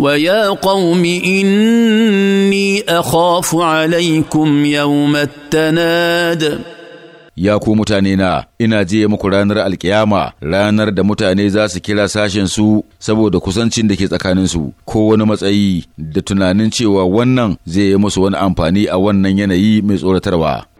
ويا قوم إني أخاف عليكم يوم التناد ya ku mutane na ina je muku ranar alkiyama ranar da mutane za su kira sashen su saboda kusancin da ke tsakaninsu ko wani matsayi da tunanin cewa wannan zai yi musu wani amfani a wannan yanayi mai tsoratarwa